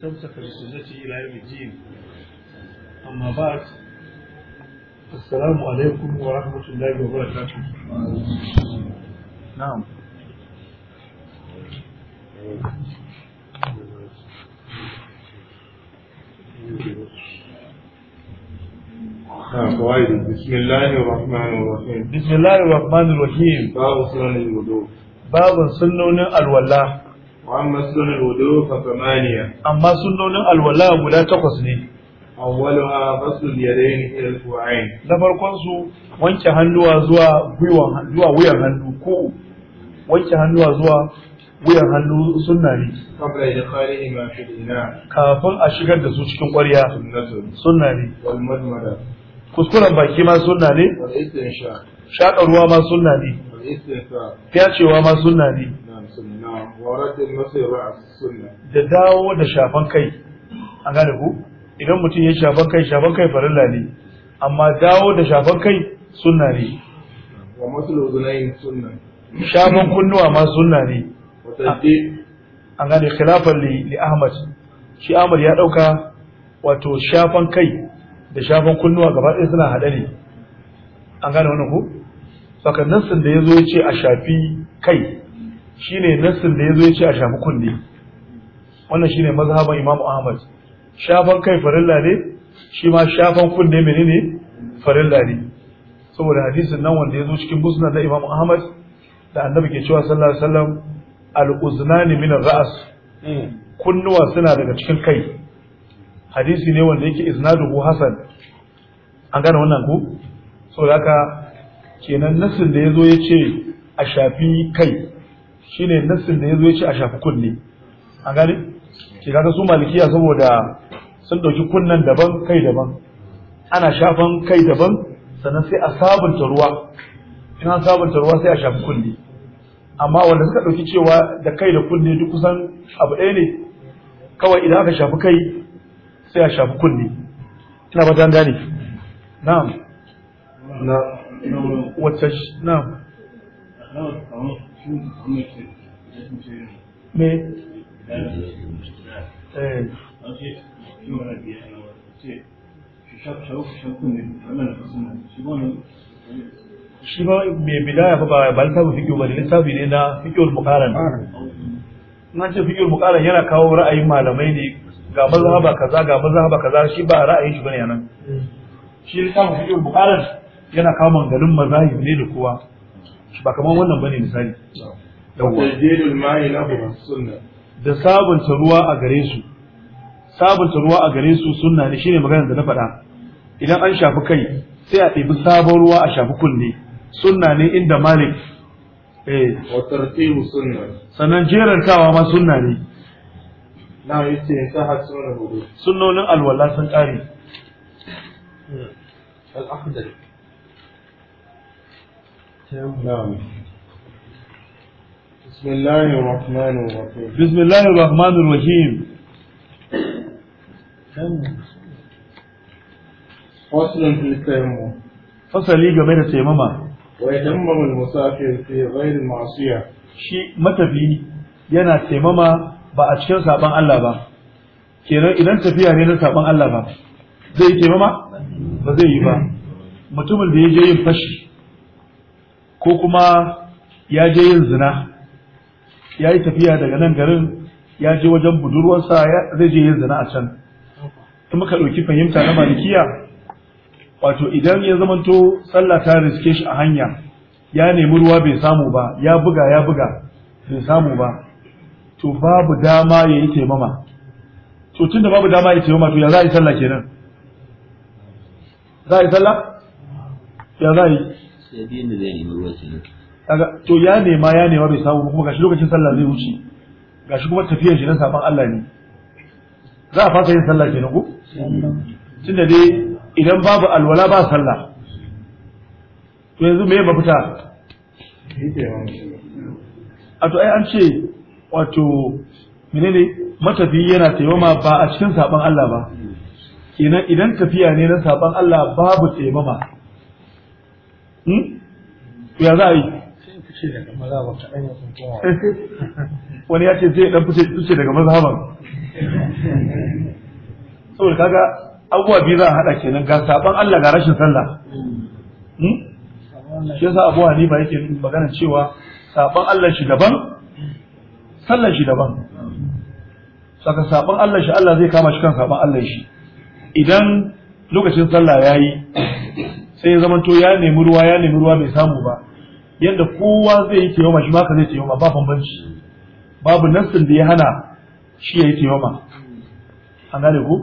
تمسك بسنته إلى يوم الدين أما بعد السلام عليكم ورحمة الله وبركاته نعم بسم الله الرحمن الرحيم بسم الله الرحمن الرحيم باب سنن الوضوء باب سنن الولاء وأما سنن الوضوء فثمانية أما سنن الولاء ولا تقصني awwaluha ghaslu al-yadayn ila al-ku'ayn na farkon su wanke hannuwa zuwa wuyan hannu ko wanke hannuwa zuwa wuyan hannu sunna ne qabla idkhalihima fi al-ina kafin a shigar da su cikin ƙwarya sunna ne wal madmada kuskuren baki ma sunna ne shaƙa ruwa ma sunna ne fyacewa ma sunna ne da dawo da shafan kai an gane ku idan mutum ya shafan kai shafan kai farilla ne amma dawo da shafan kai sunna ne wa masu zunayin sunna shafan kunnuwa ma sunna ne an gane khilafar li ahmad shi ahmad ya dauka wato shafan kai da shafan kunnuwa gaba ɗaya suna haɗe ne an gane wani ku tsakanin sun da ya zo ya ce a shafi kai shine nassin da yazo ya ce a shafi kulli wannan shine mazhaban Imam Ahmad shafan kai farilla ne shi ma shafan kunne menene farilla ne saboda hadisin nan wanda yazo cikin musnad da Imam Ahmad da annabi ke cewa sallallahu alaihi wasallam al-uznani min ar-ra's hmm. kunnuwa suna daga cikin kai hadisi ne wanda yake isnaduhu hasan an gane wannan ku Saboda haka kenan nasin da yazo ya ce a shafi kai shine nassin da yazo yace a shafi kunne an gane ke kaga su malikiya saboda sun dauki kunnen daban kai daban ana shafan kai daban sannan sai a sabunta ruwa in an sabunta ruwa sai a shafi kunne amma wanda suka dauki cewa da kai da kunne duk kusan abu ɗaya ne kawai idan aka shafi kai sai a shafi kunne ina ba gani. gane na'am na wacce na'am me shi ba mai bidaya ba ba ba ne na bukaran na ce fiƙo bukaran yana kawo ra'ayin malamai ne ga mazhaba kaza ga mazhaba kaza shi ba ra'ayin shi bane nan shi littafin fiƙo bukaran yana kawo manganin mazahib ne da kowa ba kamar wannan bane misali tajdidul ma'i sunna da sabunta ruwa a gare su sabunta ruwa a gare su sunna ne shine maganar da na faɗa idan an shafi kai sai a ɗebi sabon ruwa a shafi kunne sunna ne inda malik eh wa tartibu sunna sannan jerantawa ma sunna ne na yace har sunna hudu sunnonin alwala sun kare al-akhdari نعم بسم الله الرحمن الرحيم فصل في التيمم فصل game da taimama wa yadammamu al-musafir fi ghayr al-ma'siyah shi matafi yana taimama ba a cikin saban Allah ba kenan idan tafiya ne na saban Allah ba zai taimama ba zai yi ba mutumin da ya je yin fashi ko kuma ya je yin zina ya yi tafiya daga nan garin ya je wajen budurwarsa zai je yin zina a can in muka ɗauki fahimta na malikiya wato idan ya zamanto sallah ta riske shi a hanya ya nemi ruwa bai samu ba ya buga ya buga bai samu ba to babu dama ya yi taimama to tun da babu dama ya yi taimama to ya za a yi sallah kenan za a yi sallah ya za a yi zai nemi to ya nema ya nema bai samu kuma gashi lokacin sallah zai wuce gashi kuma tafiyar shi na saban Allah ne za a fasa yin sallah kenan ko tunda dai idan babu alwala ba sallah to yanzu me mafita a to ai an ce wato menene matafi yana taimama ba a cikin saban Allah ba kenan idan tafiya ne na saban Allah babu taimama Hmm? ya za a yi wani ya ce zai dan fice daga mazhaban saboda kaga abubuwa biyu za a haɗa kenan ga saban Allah ga rashin sallah hmm? shi yasa Abu Hanifa yake magana cewa saban Allah shi daban sallah shi daban saka saban Allah shi Allah zai kama shi kan saban Allah shi idan lokacin sallah yayi sai ya zamanto ya nemi ruwa ya nemi ruwa bai samu ba yadda kowa zai yi tiyoma shi maka zai tiyoma ba bambanci babu nassin da ya hana shi ya yi tiyoma an gane ko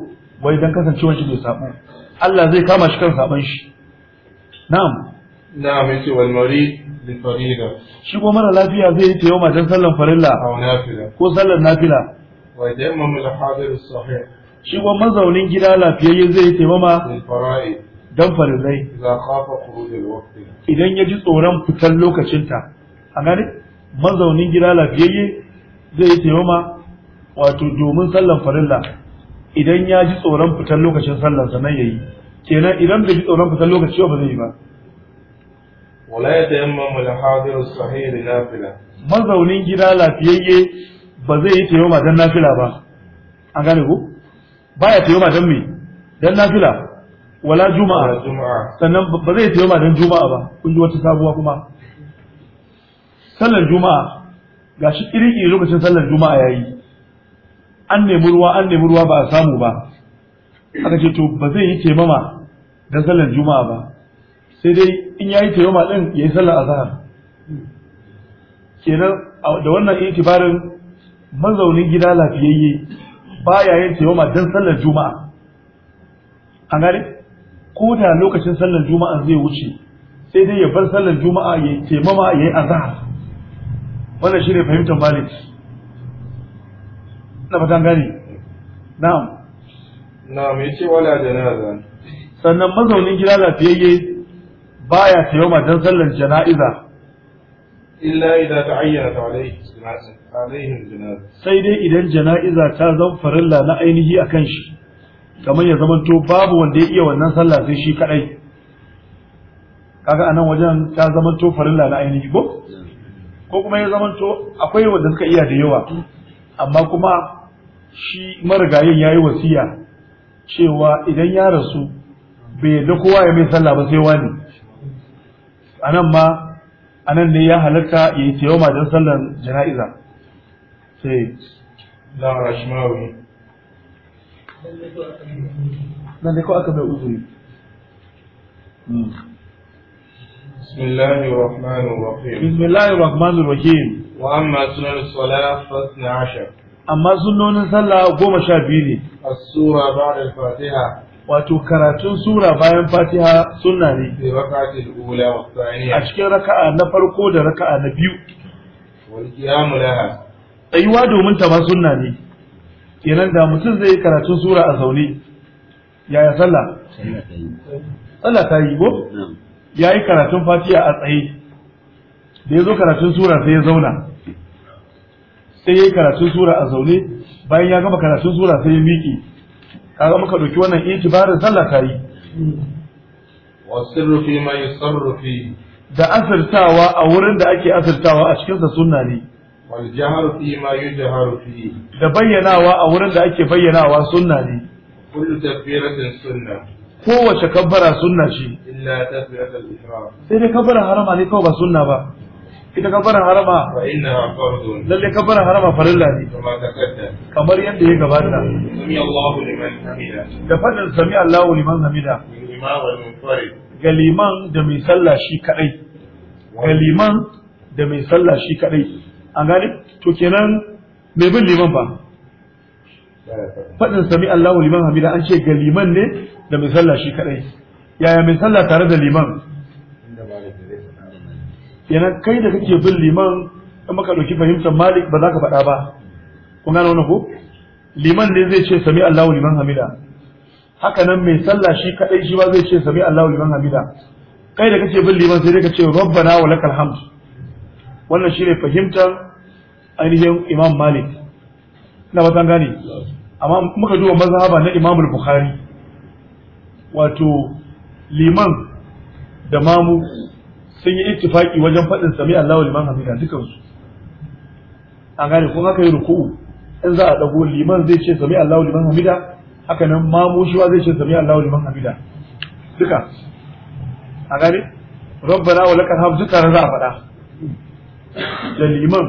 wai dan kasancewar shi bai sabo Allah zai kama shi kan saban shi na'am na'am yace wal marid da. farida shi ko mara lafiya zai yi tiyoma dan sallan farilla ko sallan nafila wa yamma al hadir sahih shi ko mazaunin gida lafiyayye zai yi tiyoma dan farzai idan ya ji tsoron fitar lokacinta a gane mazaunin gida lafiyayye zai yi taimama wato domin sallan farilla idan ya ji tsoron fitar lokacin sallan nan ya yi kenan idan bai ji tsoron fitar lokaci ba zai yi ba wala ya tayammama al-hadir sahih li nafila mazaunin gida lafiyayye ba zai yi taimama dan nafila ba an gane ko baya taimama dan me dan nafila wala juma'a sannan ba zai sayo ba don juma'a ba kun ji wata sabuwa kuma sallar juma'a gashi kiriki lokacin sallar juma'a yayi an nemi ruwa an nemi ruwa ba a samu ba aka ce to ba zai yi taimama don sallar juma'a ba sai dai in yayi taimama din yayi sallar azhar kenan da wannan itibarin mazaunin gida lafiyayye ba ya yin taimama don sallar juma'a an gane ko da lokacin sallar juma'a zai wuce sai dai ya bar sallar juma'a ya taimama ya yi azhar wannan shi ne fahimtar malik na fatan gani na'am na'am yace wala janaza sannan mazaunin gida lafiyayye baya taimama don sallar jana'iza illa idan ta'ayyana alaihi alaihi janaza sai dai idan jana'iza ta zan farilla na ainihi a kan shi kamar ya zamanto babu wanda ya iya wannan sallah sai shi kadai kaga anan wajen ta zamanto farin na ainihi ko ko kuma ya zamanto akwai wanda suka iya da yawa amma kuma shi marigayin yayi wasiya cewa idan ya rasu bai yadda kowa ya mai sallah ba sai wani anan ma anan ne ya halatta ya yi taimama don sallan jana'iza sai da rashmawi nan dai ko aka mai uzuri بسم الله الرحمن الرحيم بسم الله الرحمن الرحيم وأما سنن الصلاة فاثنى عشر أما سنن الصلاة قوم شابيني السورة بعد الفاتحة wato karatun sura bayan fatiha sunna ne a cikin raka'a na farko da raka'a na biyu tsayuwa domin ta ma sunna ne kenan da mutum zai yi karatun sura a zaune yaya sallah sallah ta yi ko ya yi karatun fatiha a tsaye da ya zo karatun sura sai ya zauna sai ya yi karatun sura a zaune bayan ya gama karatun sura sai ya miƙe ga muka ɗauki wannan itibarin sallah ta yi mai da asirtawa a wurin da ake asirtawa a cikinsa sunna ne والجهر فيما يجهر فيه da bayyanawa a wurin da ake bayyanawa sunna ne kullu takbiratin sunna kowace kabbara sunna ce illa takbiratul ihram sai dai kabbara harama ne kawai ba sunna ba ita kabbara harama fa inna fardun lalle kabbara harama farilla ne kamar yadda ya gabata sami Allahu liman hamida da fadin sami Allahu liman hamida ga liman da mai sallah shi kadai ga da mai sallah shi kadai an gane to kenan mai bin liman ba faɗin sami Allahu liman hamida an ce ga liman ne da mai sallah shi kadai yaya mai sallah tare da liman kenan kai da kake bin liman in maka ɗauki fahimtar malik ba za ka faɗa ba kun gane wannan ko liman ne zai ce sami Allahu liman hamida haka nan mai sallah shi kadai shi ba zai ce sami Allahu liman hamida kai da kake bin liman sai dai ka ce rabbana wa lakal hamd wannan shi ne fahimtar ainihin imam malik na ba tan gane amma muka duba mazhaba na imam bukhari wato liman da mamu sun yi ittifaki wajen faɗin sami Allahu liman hamida dukansu an gane ko haka yi ruku'u in za a ɗago liman zai ce sami Allahu liman hamida haka nan mamu shi zai ce sami Allahu liman hamida duka a gane rabbana wa lakal hamdu tare za a faɗa da liman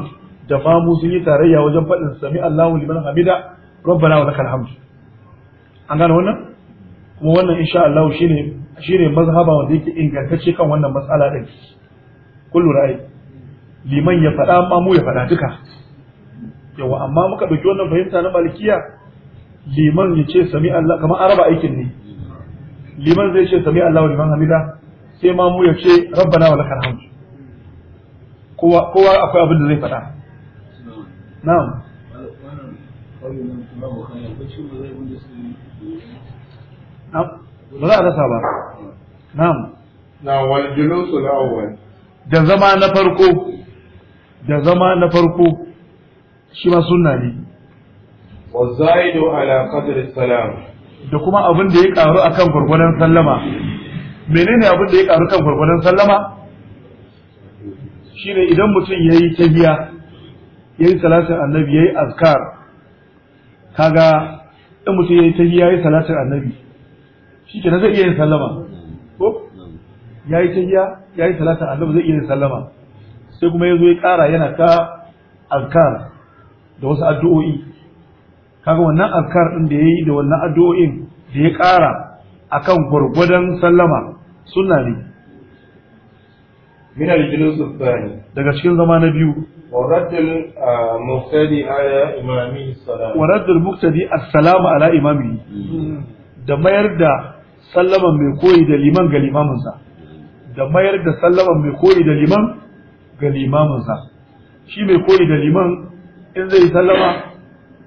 da mamu sun yi tarayya wajen faɗin sami Allahu liman hamida rabbana wa lakal hamd an gane wannan kuma wannan insha Allah shine shine mazhaba wanda yake ingantacce kan wannan matsala din kullu ra'ayi liman ya faɗa mamu ya faɗa duka yawa amma muka ɗauki wannan fahimta na malikiya liman ya ce sami Allah kamar araba aikin ne liman zai ce sami Allah liman hamida sai mamu ya ce rabbana wa lakal hamd kowa akwai abin da zai faɗa na'am ba za a rasa ba na'am na wal julusul awwal da zama na farko da zama na farko shi ma sunna ne wa zaidu ala qadri salam da kuma abin da ya karu akan gurgurdan sallama menene abin da ya karu kan gurgurdan sallama shine idan mutum ya yi tahiya ya yi salatar annabi ya yi azkar kaga in mutum ya yi tahiya ya yi salatar annabi shi ke zai iya yin sallama ko ya yi tahiya ya yi salatar annabi zai iya yin sallama sai kuma ya zo ya ƙara yana ta azkar da wasu addu'o'i kaga wannan azkar ɗin da ya yi da wannan addu'o'in da ya ƙara akan gwargwadon sallama sunna ne min al-julus daga cikin zama na biyu wa raddul muqtadi ala imami salam wa raddul muqtadi as ala imami da mayar da sallaman mai koyi da liman ga limamin da mayar da sallaman mai koyi da liman ga limamin shi mai koyi da liman in zai sallama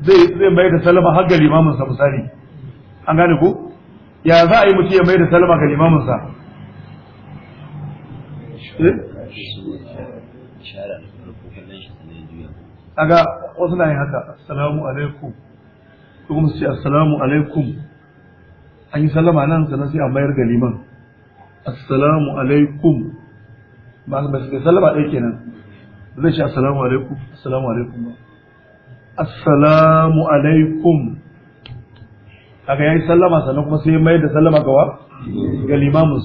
zai zai mayar da sallama har ga limamin misali an gane ko ya za a yi mutum ya mayar da sallama ga limamin Eh? kaga wasu na yin haka assalamu alaikum ko kuma su assalamu alaikum an yi sallama nan sannan sai a mayar ga liman assalamu alaikum ba ba su sallama ɗaya kenan zai ce assalamu alaikum assalamu alaikum ba assalamu alaikum kaga yi sallama sannan kuma sai mayar da sallama gawa ga limamin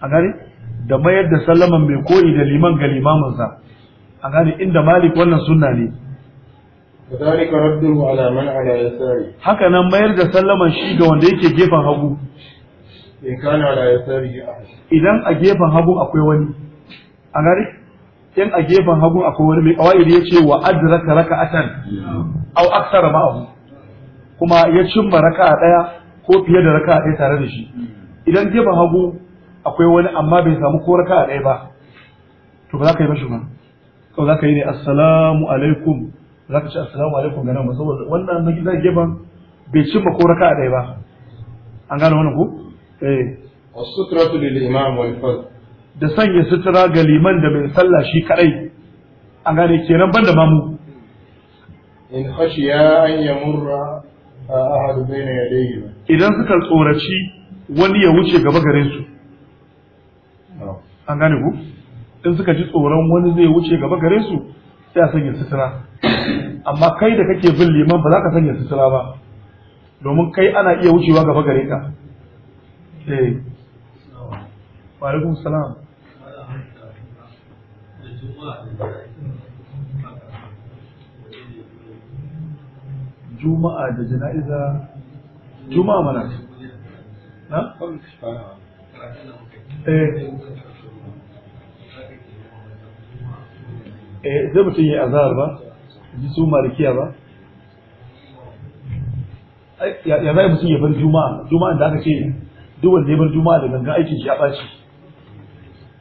a gare da mayar da sallaman mai koyi da liman ga limaminsa an gane inda malik wannan sunna ne haka nan mayar da sallaman shi ga wanda yake gefen hagu idan a gefen hagu akwai wani a gari in a gefen hagu akwai wani mai kawai ya ce wa adraka raka'atan au aksara ma'ahu kuma ya cimma raka'a daya ko fiye da raka'a daya tare da shi idan gefen hagu akwai wani amma bai samu ko raka ɗaya ba to ba za ka yi mashi ba kawai za ka yi ne assalamu alaikum za ka ci assalamu alaikum ga nan ba saboda wannan na gidan gefen bai cimma ko raka ɗaya ba an gane wannan ko eh wasutratu lil imam wal fard da sanya sutura ga liman da mai sallah shi kadai an gane kenan banda mamu in khashiya an yamurra eh, ahadu bayna yadayhi idan suka tsoraci wani ya wuce gaba garinsu. su an gane ku in suka ji tsoron wani zai wuce gaba gare su sai a sanya sutura amma kai da kake bin liman ba za ka sanya sutura ba domin kai ana iya wucewa gaba gare ka eh wa alaikum salam juma'a da jana'iza juma'a mana na eh eh zai mutum yi azhar ba ji su marikiya ba ya zai mutum ya bar juma'a juma'a da aka ce duk wanda ya bar juma'a da gangan aikin shi ya ɓaci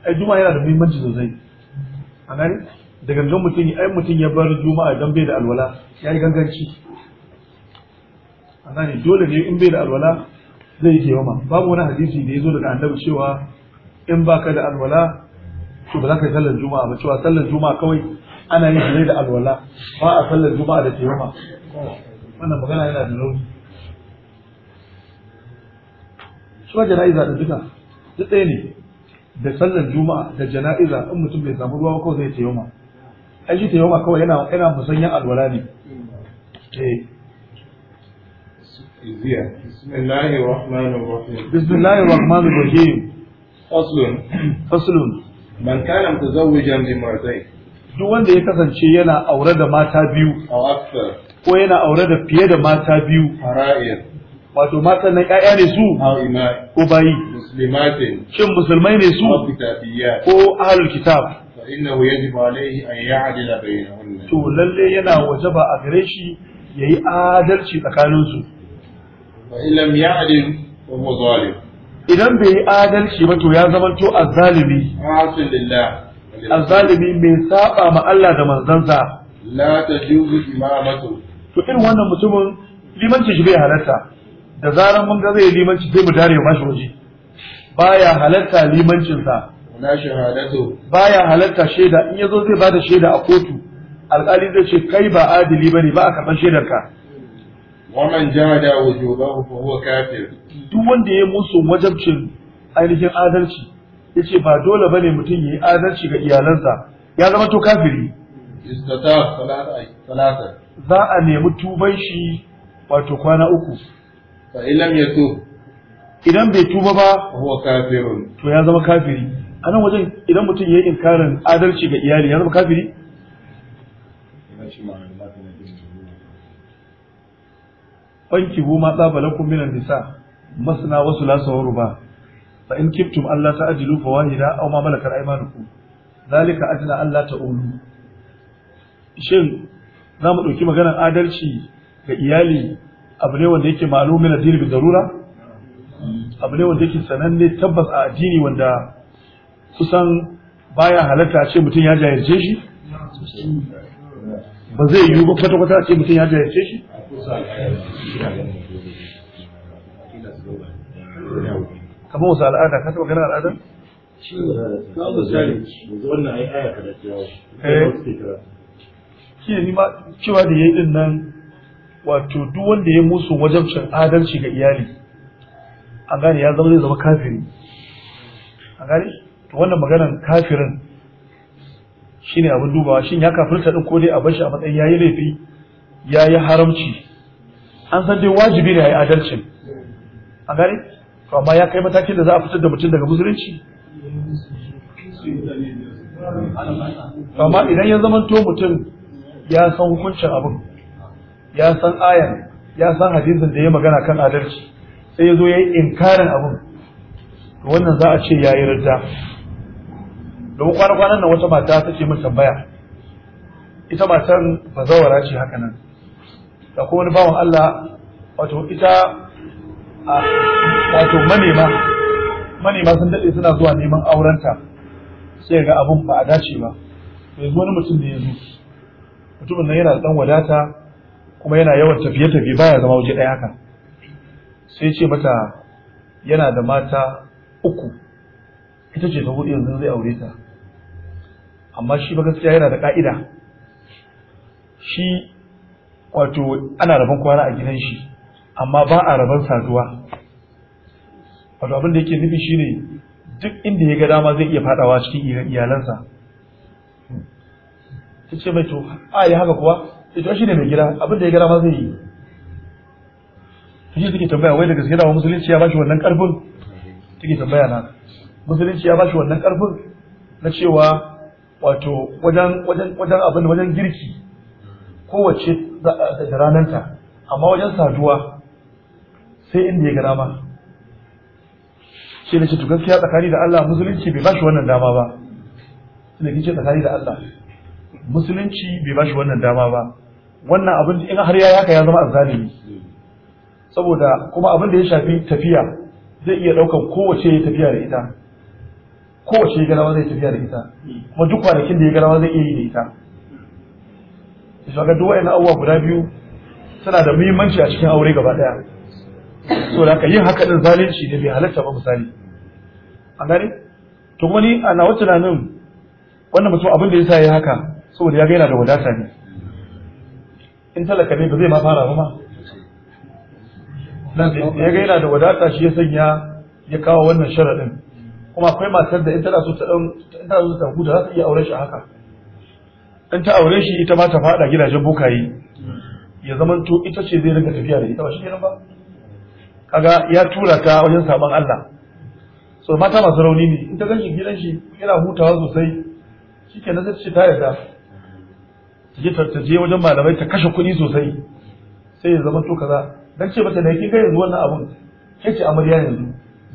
ai juma'a yana da muhimmanci sosai a gani da gangan mutum ai mutum ya bar juma'a don bai da alwala ya yi ganganci a gani dole ne in bai da alwala zai yi kewama babu wani hadisi da ya zo daga annabi cewa in baka da alwala to ba za ka yi sallar juma'a ba cewa sallar juma'a kawai ana yin ne da alwala ba a sallar juma'a da taimama wannan magana yana da nauyi suna jana'iza da duka duk ɗaya ne da sallar juma'a da jana'iza in mutum bai samu ruwa kawai zai taimama ai shi taimama kawai yana yana musanyan alwala ne eh بسم الله الرحمن الرحيم بسم الله الرحمن الرحيم فصل فصل man kana mutazawwijan limardain duk wanda ya kasance yana aure da mata biyu ko yana aure da fiye da mata biyu wato mata na ƴaƴa ne su ko bayi shin musulmai ne su ko ahlul kitab to lalle yana wajaba a gare shi yayi adalci tsakaninsu fa illam ya'dil idan bai yi adalci ba to ya zamanto azzalimi azzalimi mai saba ma Allah da manzansa la tajuzu imamatu to irin wannan mutumin limanci shi bai halarta, da zaran mun ga zai limanci sai mu dare ma shi waje baya halarta limancin sa na shahadatu baya halarta shaida in yazo zai bada shaida a kotu alƙali zai ce kai ba adili bane ba a karɓar shaidarka ومن جاد وجوبه فهو كافر duk wanda ya musu wajabcin ainihin adalci yace ba dole bane mutum yayi adalci ga iyalansa ya zama to kafiri istata salata za a nemi tuban shi wato kwana uku fa ilam yatu idan bai tuba ba huwa kafirun to ya zama kafiri a nan wajen idan mutum yayi inkarin adalci ga iyali ya zama kafiri fanki hu ma tsaba lakum minan nisa masna wa sulasa wa ruba fa in kiftum alla ta'jilu fa wahida aw ma malakat aymanukum zalika ajna alla ta'ulu shin za mu ɗauki maganar adalci ga iyali abu ne wanda yake malumin addini bi darura abu ne wanda yake sananne tabbas a addini wanda kusan baya halatta ce mutum ya jayarce shi ba zai yiwu ba kwata-kwata ce mutum ya jayarce shi kamar wasu al'ada ka taɓa ganin al'ada shi eh. eh, ne ma cewa da ya yi din nan wato duk wanda ya musu wajabcin adalci ga iyali a gane ya zama zai zama kafiri A gane to wannan maganan kafirin shine abin dubawa shin ya kafirta din ko dai a bashi a matsayin yi laifi ya yi haramci an san dai wajibi ne a yi adalcin a gari to amma ya kai matakin da za a fitar da mutum daga musulunci amma idan ya zamanto mutum ya san hukuncin abin ya san ayan ya san hadisin da ya magana kan adalci sai ya zo ya yi inkarin abin wannan za a ce ya yi rida domin kwana-kwanan nan wata mata ta ce min tambaya ita matan bazawara ce haka nan da kuma wani bawan Allah wato ita wato manema manema sun daɗe suna zuwa neman aurenta sai ga abun ba a dace ba yanzu wani mutum da ya zo mutumin nan yana da ɗan wadata kuma yana yawan tafiye-tafiye baya zama waje ɗaya haka sai ce mata yana da mata uku ita ce ta hudu yanzu zai aure ta amma shi ba gaskiya yana da ka'ida shi wato ana rabon kwana a gidan shi amma ba a rabon saduwa wato abin da yake nufi ne duk inda ya ga dama zai iya fadawa cikin iyalansa ta ce mai to a yi haka kuwa ita shi ne mai gida abin da ya ga dama zai yi shi take tambaya wai da gaske da musulunci ya bashi wannan karfin take tambaya na musulunci ya bashi wannan karfin na cewa wato wajen wajen wajen abin wajen girki kowace da ta, amma wajen saduwa sai inda ya gara ma shi da shi gaskiya tsakani da Allah musulunci bai bashi wannan dama ba shi da kike tsakani da Allah musulunci bai bashi wannan dama ba wannan abin in har ya haka ya zama azzalimi saboda kuma abin da ya shafi tafiya zai iya daukan kowace ya tafiya da ita kowace ya garawa zai tafiya da ita kuma duk kwanakin da ya garawa zai iya yi da ita su ga duk wayannan abubuwa guda biyu suna da muhimmanci a cikin aure gaba daya so da ka yi haka din zalunci ne bai halatta ba misali an gane to wani a na wata tunanin wannan mutum abin da yasa ya haka saboda ya ga yana da wadata ne in talaka ne ba zai ma fara ba ma ya ga yana da wadata shi ya sanya ya kawo wannan sharaɗin kuma akwai matar da in tana so ta huta za ta iya auren shi haka in ta aure shi ita ma ta fada gidajen bukayi ya zaman to ita ce zai rinka tafiya da ita ba shi ba kaga ya tura ta wajen saban Allah so mata masu rauni ne in ta ganshi gidan shi yana hutawa sosai shikenan sai ta ce ta yarda ta je ta je wajen malamai ta kashe kuɗi sosai sai ya zama to kaza dan ce mata ne kin ga yanzu wannan abun ke amarya yanzu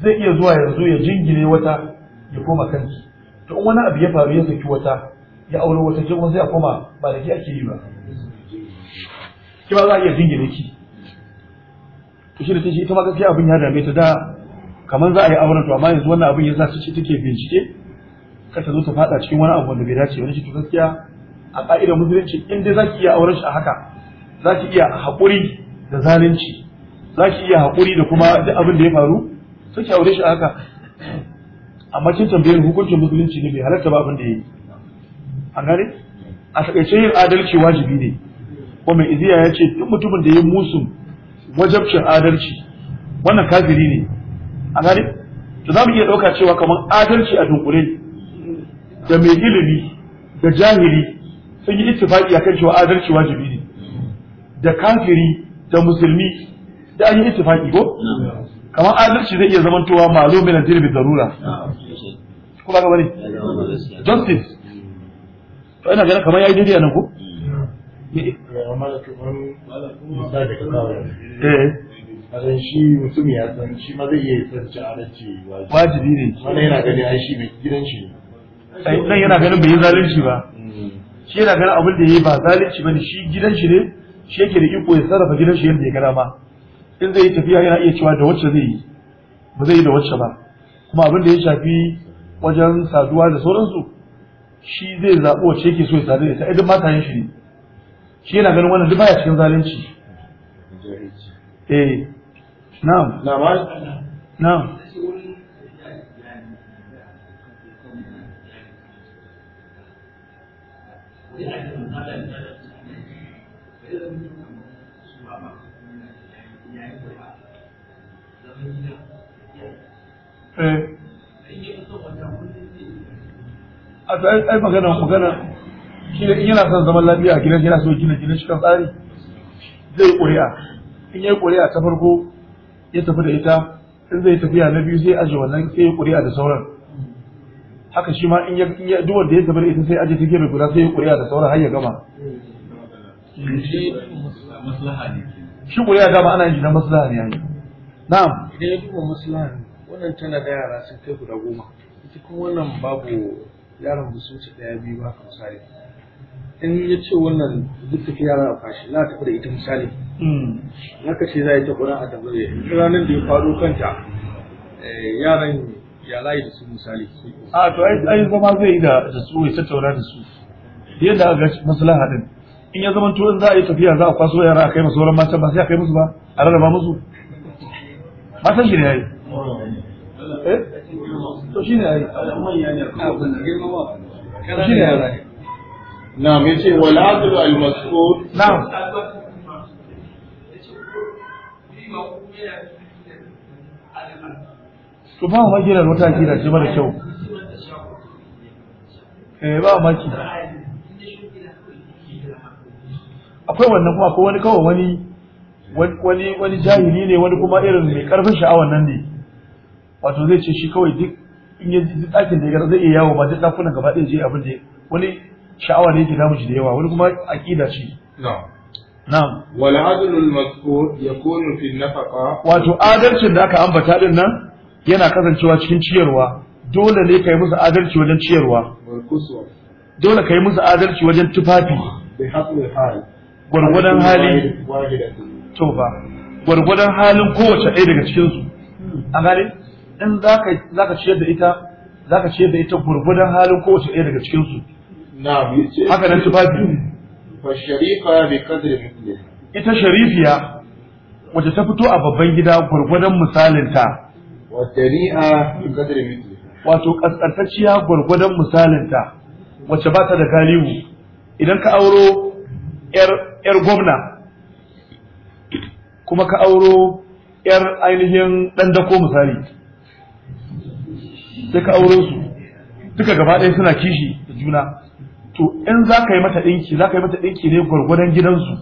zai iya zuwa yanzu ya jingire wata ya koma kanki to in wani abu ya faru ya saki wata ya aure wata jirgin ya koma ba da ke ake yi ba kima za a iya jingine ki to shi da ta shi ita ma gaskiya abin ya dame ta da kamar za a yi auren to amma yanzu wannan abin ya su ce take bincike kar ta zo ta fada cikin wani abu wanda bai dace wani shi to gaskiya a ka'idar musulunci in dai ki iya auren shi a haka za ki iya haƙuri da zalunci za ki iya haƙuri da kuma duk abin da ya faru sai ki aure shi a haka amma kin tambayar hukuncin musulunci ne bai halatta ba abin da ya yi an gane a takaice yin adalci wajibi ne ko mai iziya ya ce duk mutumin da ya musu wajabcin adalci wannan kafiri ne an gane to za mu iya ɗauka cewa kamar adalci a dunkule da mai ilimi da jahili sun yi ittifaki akan cewa adalci wajibi ne da kafiri da musulmi da an yi ittifaki ko kamar adalci zai iya zamantowa malumin da zarura. kuma ga bane justice to ina ganin kamar yayi daidai a nan ko kasan shi mutum ya san shi ma zai iya tsanci adalci wajibi ne wannan yana ganin ai shi mai gidan shi sai dan yana ganin bai yi zalunci ba shi yana ganin abin da yayi ba zalunci bane shi gidan shi ne shi yake da iko ya sarrafa gidan shi yadda ya gada ma in zai yi tafiya yana iya cewa da wacce zai yi ba zai yi da wacce ba kuma abin da ya shafi wajen saduwa da sauransu shi zai zaɓi wacce yake so ya sadu da ita idan matayen shi ne shi yana ganin wannan duk baya cikin zalunci eh na'am na'am Eh. a tsayin ai magana magana shi in yana son zaman lafiya a gidan yana so gina gidan shi kan tsari zai ƙuri'a in ya ƙuri'a ta farko ya tafi da ita in zai tafiya na biyu sai aje wannan sai ya ƙuri'a da sauran haka shi ma in ya duk da ya tafi da ita sai aje ta gefe guda sai ya ƙuri'a da sauran har ya gama shi ƙuri'a dama ana yin shi na maslaha ne yayi na'am idan ya duba maslaha wannan tana da yara sun kai guda goma ita kuma wannan babu yaron ba su ci ɗaya biyu ba misali in ya ce wannan duk tafi yara a fashi na tafi da ita misali hmm. naka ce za a yi ta ƙura a tambaye in ranar da ya faɗo kanta eh, yaran ya layi da su misali a to ai zama zai yi da su ya tattauna da su yadda aka ga maslaha din in ya zama to in za a yi tafiya za a kwaso yara a kai musu sauran matan ba sai a kai musu ba a rarraba musu matan shi ne yayi to ne ko ban girmama shine ai na'am yace al mas'ud na'am to ba ma gidan wata gina shi mara kyau eh ba ma ki akwai wannan kuma akwai wani kawai wani wani wani jahili ne wani kuma irin mai karfin sha'awar nan ne wato zai ce shi kawai duk in yi duk ɗakin da ya zai iya yawo ba duk ɗakunan gaba ɗaya je abin da wani sha'awa ne yake damu shi da yawa wani kuma aƙida ce na'am wal adlul mazkur yakunu fi nafaqa wato adalcin da aka ambata din nan yana kasancewa cikin ciyarwa dole ne kai musu adalci wajen ciyarwa dole kai musu adalci wajen tufafi gwargwadon hali to ba gwargwadon halin kowace ɗaya daga cikinsu a gane in za ka ciyar da ita za ka ciyar da ita gurgudan halin kowace ɗaya daga cikinsu haka nan tufafi ita sharifiya wacce ta fito a babban gida gurgudan misalinta wato ƙasƙantacciya gurgudan misalinta wacce ba ta da galibu idan ka auro 'yar gwamna kuma ka auro 'yar ainihin ɗan dako misali sai ka aure su duka gaba ɗaya suna kishi da juna to in za ka yi mata ɗinki za ka yi mata ɗinki ne gwargwadon gidansu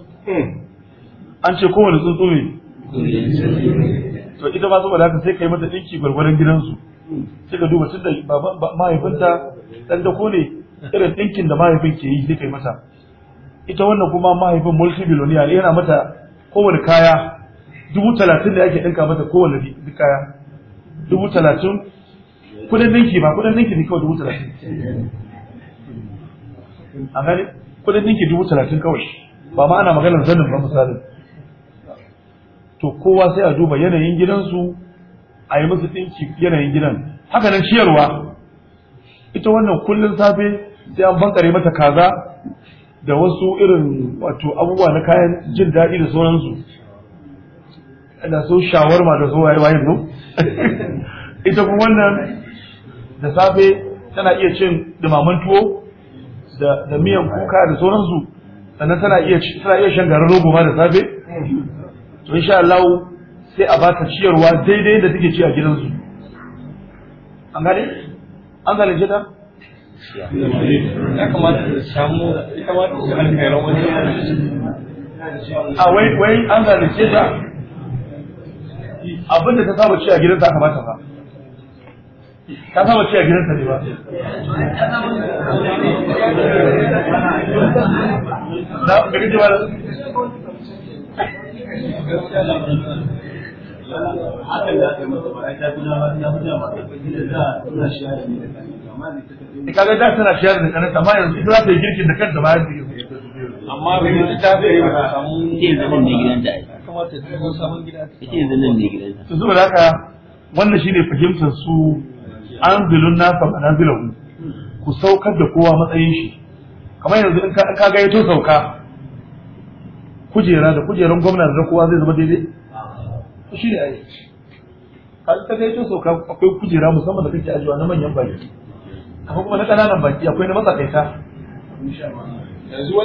an ce kowane tsuntsu ne to ita ma su haka sai ka yi mata ɗinki gwargwadon gidansu sai ka duba tunda mahaifinta ɗan dako ne irin ɗinkin da mahaifin ke yi sai ka yi mata ita wannan kuma mahaifin multi biloniya ne yana mata kowane kaya dubu talatin da ake ɗinka mata kowane kaya dubu talatin kudin ninki ba kudin ninki ne kawai dubu talatin a gani kudin ninki dubu talatin kawai ba ma ana maganar zanin ba misalin to kowa sai a duba yanayin gidansu a yi musu ɗinki yanayin gidan haka nan ciyarwa ita wannan kullum safe sai an bankare mata kaza da wasu irin wato abubuwa na kayan jin daɗi da sauransu da su shawarma da su waye waye ita kuma wannan da safe tana iya cin dumaman tuwo da miyan kuka da sauransu sannan tana iya tana iya shan garin rogo ma da safe to insha Allah sai a ba ta ciyarwa daidai da take ci a gidansu an gane an zalunce ta ya kamata ta samu ita ma ta samu alkhairan wani a wai wai an zalunce ta abinda ta samu ci a gidansa kamata ba ka saba ci a gidansa ne ba na gari ce ba da da tana shayar da amma yanzu ita za ta yi girkin da kanta bayan da amma bai yi ta yi ba ita yanzu nan ne gidanta ai kamata ita yanzu nan ne gidanta to da haka wannan shine fahimtar su an zilun nasa zilun ku saukar da kowa matsayin shi kamar yanzu in ka ga yato sauka kujera da kujeran gwamna da kowa zai zama daidai shi ne ai ka ta ga yato sauka akwai kujera musamman da kake ajiwa na manyan baki akwai kuma na ƙananan baki akwai na matsakaita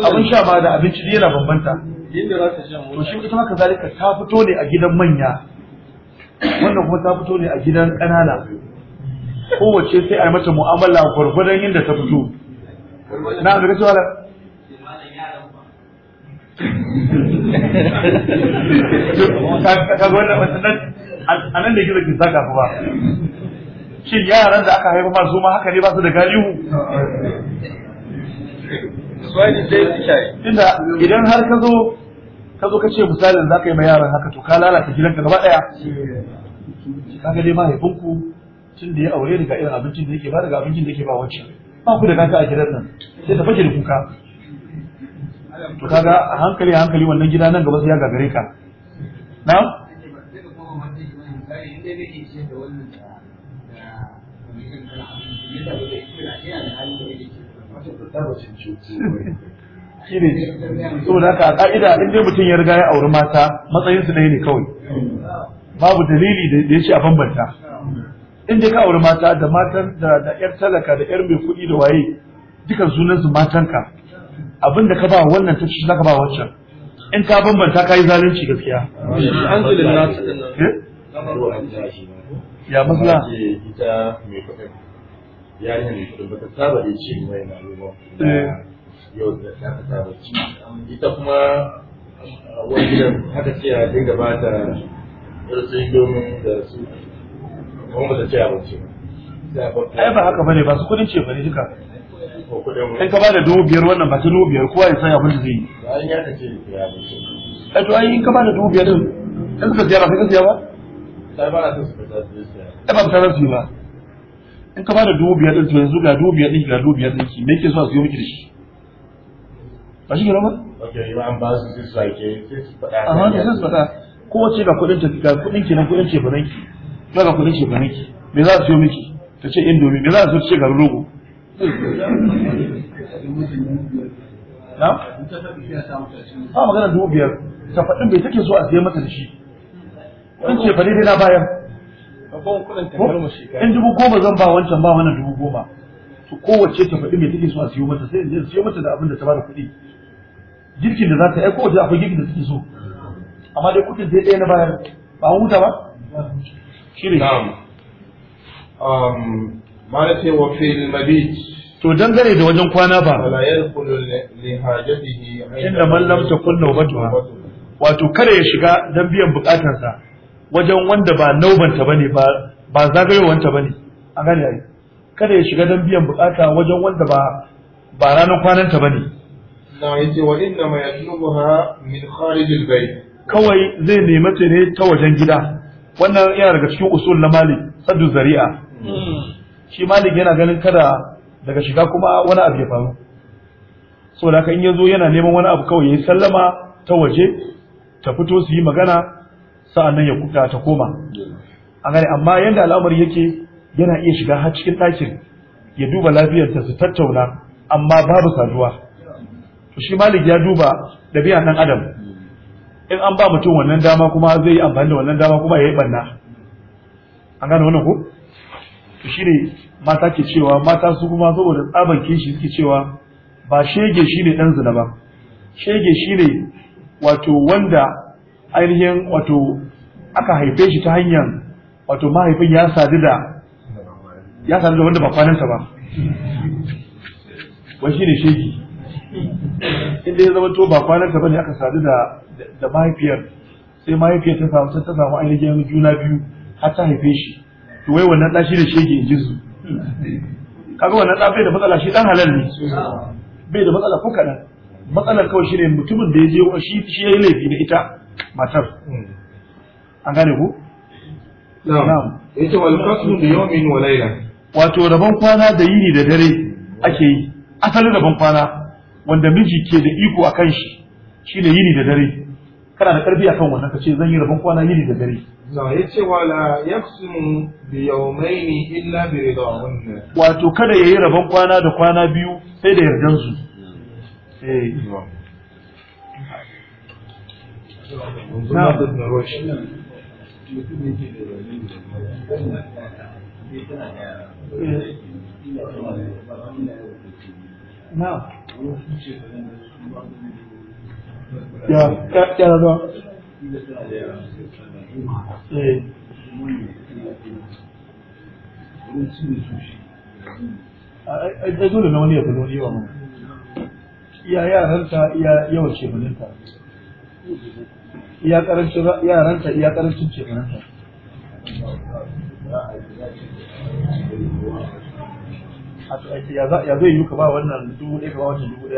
abin sha ma da abinci yana bambanta to shi ita haka zalika ta fito ne a gidan manya wannan kuma ta fito ne a gidan ƙanana kowace sai a yi mata mu'amala gwargwadon yadda ta fito na ga cewa a nan da gizo ki ba shin yaran da aka haifa ma su ma haka ne ba su da galihu tunda idan har ka zo ka zo ka ce misalin za ka yi ma yaran haka to ka lalata gidanka gaba daya kaga dai mahaifinku tun da ya aure ni ga irin abincin da yake ba daga abincin da yake ba wacce ba ku da gata a gidan nan sai ta fashe da kuka to kaga a hankali a hankali wannan gida nan gaba sai ya gagare ka na shi ne saboda haka a ka'ida in dai mutum ya riga ya auri mata matsayinsu ɗaya ne kawai babu dalili da ya ce a bambanta in dai ka aure mata da matan da yar talaka da yar mai kuɗi da waye dukan sunan su matanka abin da ka ba wannan ta ci zaka ba wancan in ka bambanta ka yi zalunci gaskiya An na eh? ya masla ita mai ya yarinya mai kuɗin ta saba da ci mai na ruwa eh. yau da ta saba ci ita kuma wani haka ce a dinga ba ta irin domin da su kuma ba ce ai ba haka bane ba su kudin ce bane duka kai ka bada dubu biyar wannan ba ta dubu biyar kowa ya san abin da zai yi ai to ai in ka bada dubu biyar din in suka siya sai ka siya ba ai ba ta su ba su ba in ka bada dubu biyar din to yanzu ga dubu biyar din ga dubu biyar din ki me yake so a siyo miki da shi ba shi kenan ba okay ba an ba su sai su sake sai su faɗa amma sai su kowace ga kuɗin ta ga kuɗin kuɗin ce ba nan ki yau da kudin shekaru ki me za su siyo miki ta ce indomi me za su siyo shekaru rogo ba magana dubu biyar ta faɗin bai take so a siya mata da shi wani ce fa dai na bayan in dubu goma zan ba wancan ba wannan dubu goma to kowace ta faɗi mai take so a siyo mata sai in siyo mata da abin da ta bada kuɗi girkin da za ta yi kowace akwai girkin da suke so amma dai kuɗin zai ɗaya na bayar ba huta ba na'am um mana fil mabit to dangane da wajen kwana ba wala yadkhulu li hajatihi inda man lam wato kada ya shiga dan biyan bukatansa wajen wanda ba naubanta bane ba ba zagayowanta bane an gane ai kada ya shiga dan biyan bukata wajen wanda ba ba ranar kwananta bane na yace wa inna ma yatlubuha min kharij al-bayt kawai zai nemi ta ne ta wajen gida wannan yana daga cikin usul na malik saddu zari'a shi malik yana ganin kada daga shiga kuma wani abu ya faru saboda haka in ya zo yana neman wani abu kawai ya yi sallama ta waje ta fito su yi magana sa'annan ya kuka ta koma a gani amma yadda al'amari yake yana iya shiga har cikin ɗakin ya duba lafiyarta su tattauna amma babu saduwa to shi malik ya duba ɗabi'a ɗan adam in an ba mutum wannan dama kuma zai yi amfani da wannan dama kuma ya yi banna an gane wannan ko to shine mata ke cewa mata su kuma saboda tsaban kishi suke cewa ba shege shine dan zina ba shege shine wato wanda ainihin wato aka haife shi ta hanyar wato mahaifin ya sadu da ya sadu da wanda ba kwanansa ba wai shine shege inda ya zama to ba kwanansa bane aka sadu da da mahaifiyar sai mahaifiyar ta samu ta samu ainihin juna biyu har ta haife shi to wai wannan ɗashi da shege in jizu kaga wannan ɗa bai da matsala shi ɗan halal ne bai da matsala ko kaɗan matsalar kawai shi ne mutumin da ya je shi shi ya yi laifi da ita matar an gane ku na'am yace wal qasmu bi yawmin wa layla wato rabon kwana da yini da dare ake yi asalin rabon kwana wanda miji ke da iko a kan shi Shi ne yini da dare kana da karfi akan wannan kace zan yi rabon kwana yini da dare na yace wala yaqsimu bi yawmayni illa bi ridahunna wato kada yayi rabon kwana da kwana biyu sai da yardan su eh. na Ya, ya ya eh. yaranta iya yawan shekarunta. Iya karancin yaranta iya karancin shekarunta. Ya zai yi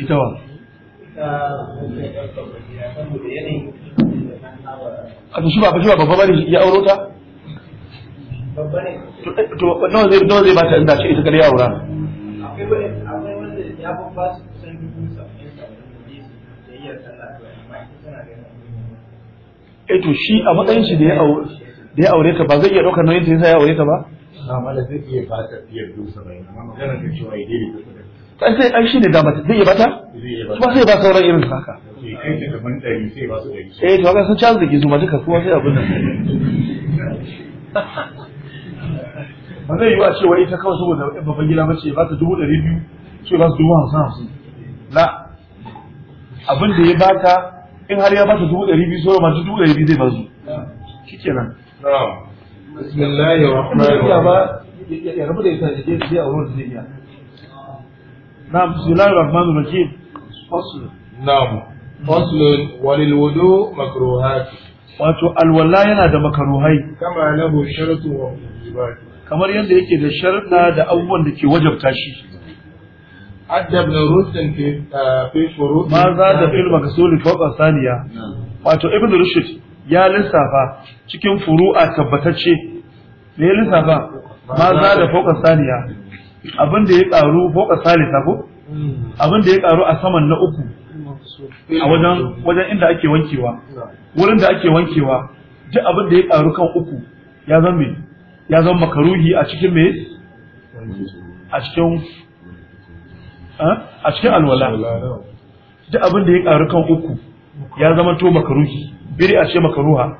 ita wa a to shi ba shi ba babba bane ya auro zai bata inda ce ita aura akwai eh, a matsayin shi ya aure da ba zai iya ɗaukar nauyin ta ya aure ta ba? Na da zai iya ba ta fiye da dusa bai amma magana ta cewa ya ai sai ai ne da mata zai iya bata kuma sai ba sauran irin haka eh, eh to ga sun canza gizo ma duka kowa sai abin nan ba zai yiwa cewa ita kawai saboda babban gida bace ba ta dubu ɗari biyu ce ba su dubu hamsin hamsin la abin da ya bata in har ya bata dubu ɗari biyu sauran masu dubu ɗari biyu zai ba su shi kenan bismillahir rahmanir rahim ya rabu da ita da je a wurin zai iya نعم بسم الله الرحمن الرحيم فصل نعم فصل وللوضوء مكروهات wato alwala yana da makaruhai kama lahu sharatu wa kamar yadda yake da sharuɗa da abubuwan da ke wajabta shi adab na rusul fi ah, fi furu ma za da fil fawqa saniya wato ibn rushd ya lissafa cikin furu'a tabbatacce me lissafa ma za da fawqa saniya abin da ya karu fauka salisa ko abin da ya karu a saman na uku a wajen wajen inda ake wankewa wurin da ake wankewa duk abin da ya karu kan uku ya zama ya zan makaruhi a cikin me a cikin a cikin alwala duk abin da ya karu kan uku ya zama to makaruhi biri a ce makaruha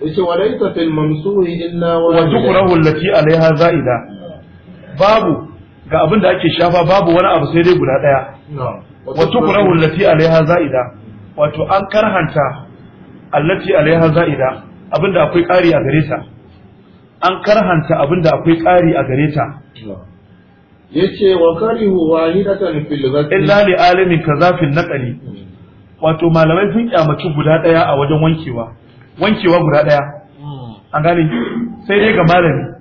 yace walaita fil mamsuhi illa wa tukrahu allati alaiha za'ida babu ga abin da ake shafa babu wani abu sai dai guda daya wa tukrahu allati alaiha zaida wato an karhanta allati alaiha zaida abinda akwai ƙari a gare ta an karhanta abinda akwai ƙari a gare ta yace wa karihu wahidatan fil ghasl illa li alimin kaza fil naqli wato malamai sun kyamaci guda daya a wajen wankewa wankewa guda daya hmm. an gane sai dai ga malami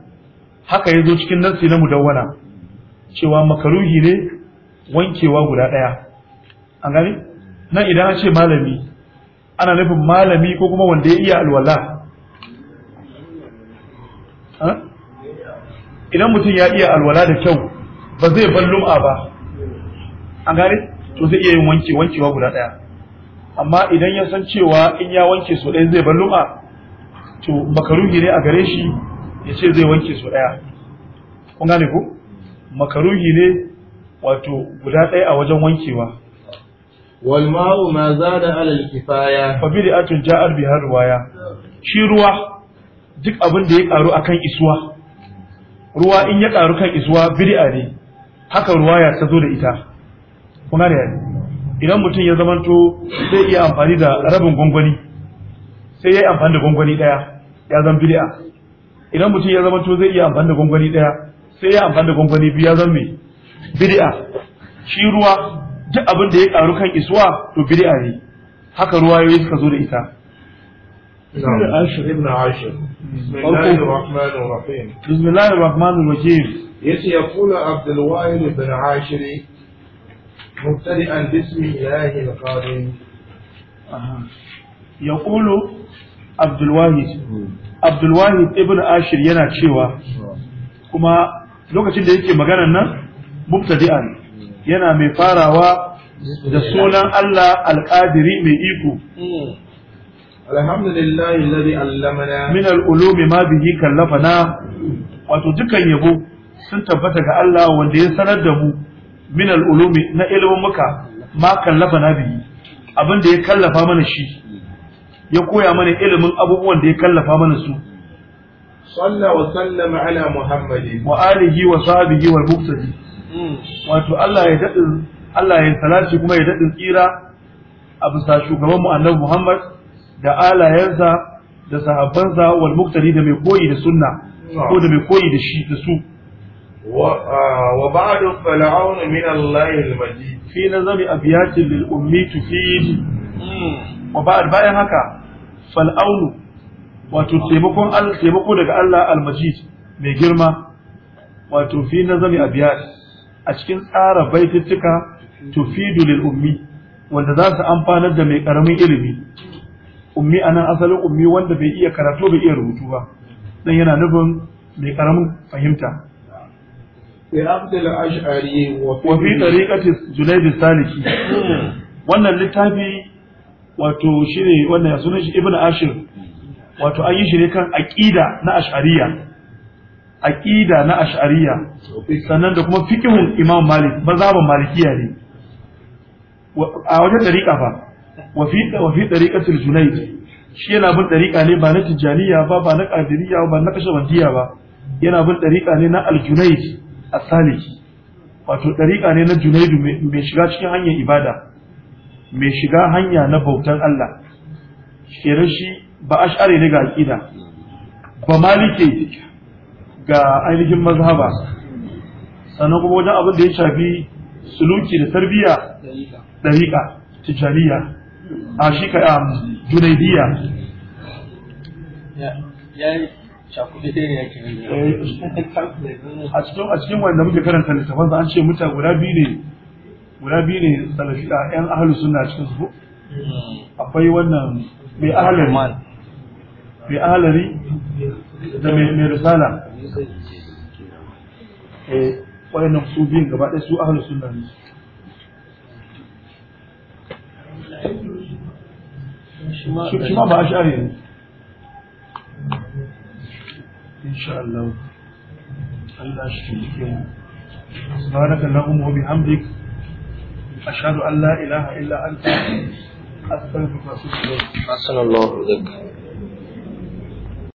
haka ya zo cikin nassi na mudawwana cewa makaruhi ne wankewa guda ɗaya an gani nan idan an ce malami ana nufin malami ko kuma wanda ya iya alwala idan mutum ya iya alwala da kyau ba zai bar lum'a ba an gane to zai iya yin wanke wankewa guda ɗaya amma idan ya san cewa in ya wanke so ɗaya zai bar lum'a to makaruhi ne a gare shi ya ce zai wanke su ɗaya kun gane ku makaruhi ne wato guda ɗaya a wajen wankewa walma'u ma za da alal kifaya fa bi da'atun ja'ar bihar ruwaya shi ruwa duk abin da ya karu akan isuwa ruwa in ya karu kan isuwa bid'a ne haka ruwaya ta zo da ita kun gane idan mutum ya zamanto zai iya amfani da rabin gwangwani sai ya yi amfani da gwangwani ɗaya ya zan bid'a idan mutum ya zama to zai iya amfani da gwangwani daya sai ya amfani da gwangwani biyu ya zama mai bid'a shi ruwa duk abin da ya karu kan isuwa to bid'a ne haka ruwa yayi suka zo da ita بسم الله الرحمن الرحيم kula يقول عبد الوائل بن عاشر مبتدئا باسم الله القادم يقول عبد الواحد abdulwahid ibn ashir yana cewa kuma lokacin da yake maganan nan mubtadi'a yana mai farawa da sunan Allah alƙadiri mai iko alhamdulillah alladhi allamana min al ma bihi kallafana wato dukan yabo sun tabbata ga Allah wanda ya sanar da mu min al'ulumi na ilimin muka ma kallafana bihi abin da ya kallafa mana shi ya koya mana ilimin abubuwan da ya kallafa mana su صلى وسلم على محمد وآله وصحبه والمقتدي wato Allah ya daɗin Allah ya salaci kuma ya daɗin tsira a bisa shugaban mu annabi Muhammad da alayensa da sahabbansa wal muktari da mai koyi da sunna ko da mai koyi da shi da su wa ba'du fal'aun min Allah al-majid fi nazami abyatin lil ummi tufid hmm. wa ba'd bayan haka fal'aunu wato taimakon taimako daga Allah al-majid mai girma wato fi nazami abiyar a cikin tsara baitittuka tufidu lil ummi wanda za su amfanar da mai karamin ilimi ummi anan asalin ummi wanda bai iya karatu bai iya rubutu ba dan yana nufin mai karamin fahimta wa fi tariqati junayd saliki wannan littafi wato shine wannan ya sunan shi Ibn ashir wato an yi shi ne kan aqida na ash'ariya aqida na ash'ariya sannan da kuma fiqhun imam malik mazhaban malikiya ne a wajen dariƙa fa wa fi wa fi junayd shi yana bin dariƙa ne ba na tijaniya ba ba na qadiriyya ba na kashabandiya ba yana bin dariƙa ne na al-junayd as-salih wato dariƙa ne na junaidu mai shiga cikin hanyar ibada mai shiga hanya na bautar Allah kenan shi ba ash'ari ne ga aƙida ba malike ga ainihin mazhaba sannan kuma wajen abin da ya shafi suluki da tarbiyya ɗariƙa, tijjaniya, a shi ka um, junaidiya eh, a cikin wanda muke karanta littafin an ce muta guda biyu ne guda biyu ne salafi a yan ahlu suna cikin su akwai wannan mai ahalari mai ahalari da mai risala eh wayannan su biyun gaba ɗaya su ahlu suna ne shi ma ba a sha'ari ne Insha'Allah. Allah Allah shi ke سبحانك اللهم وبحمدك أشهد أن لا إله إلا أنت أستغفرك وأتوب إليك أحسن الله إليك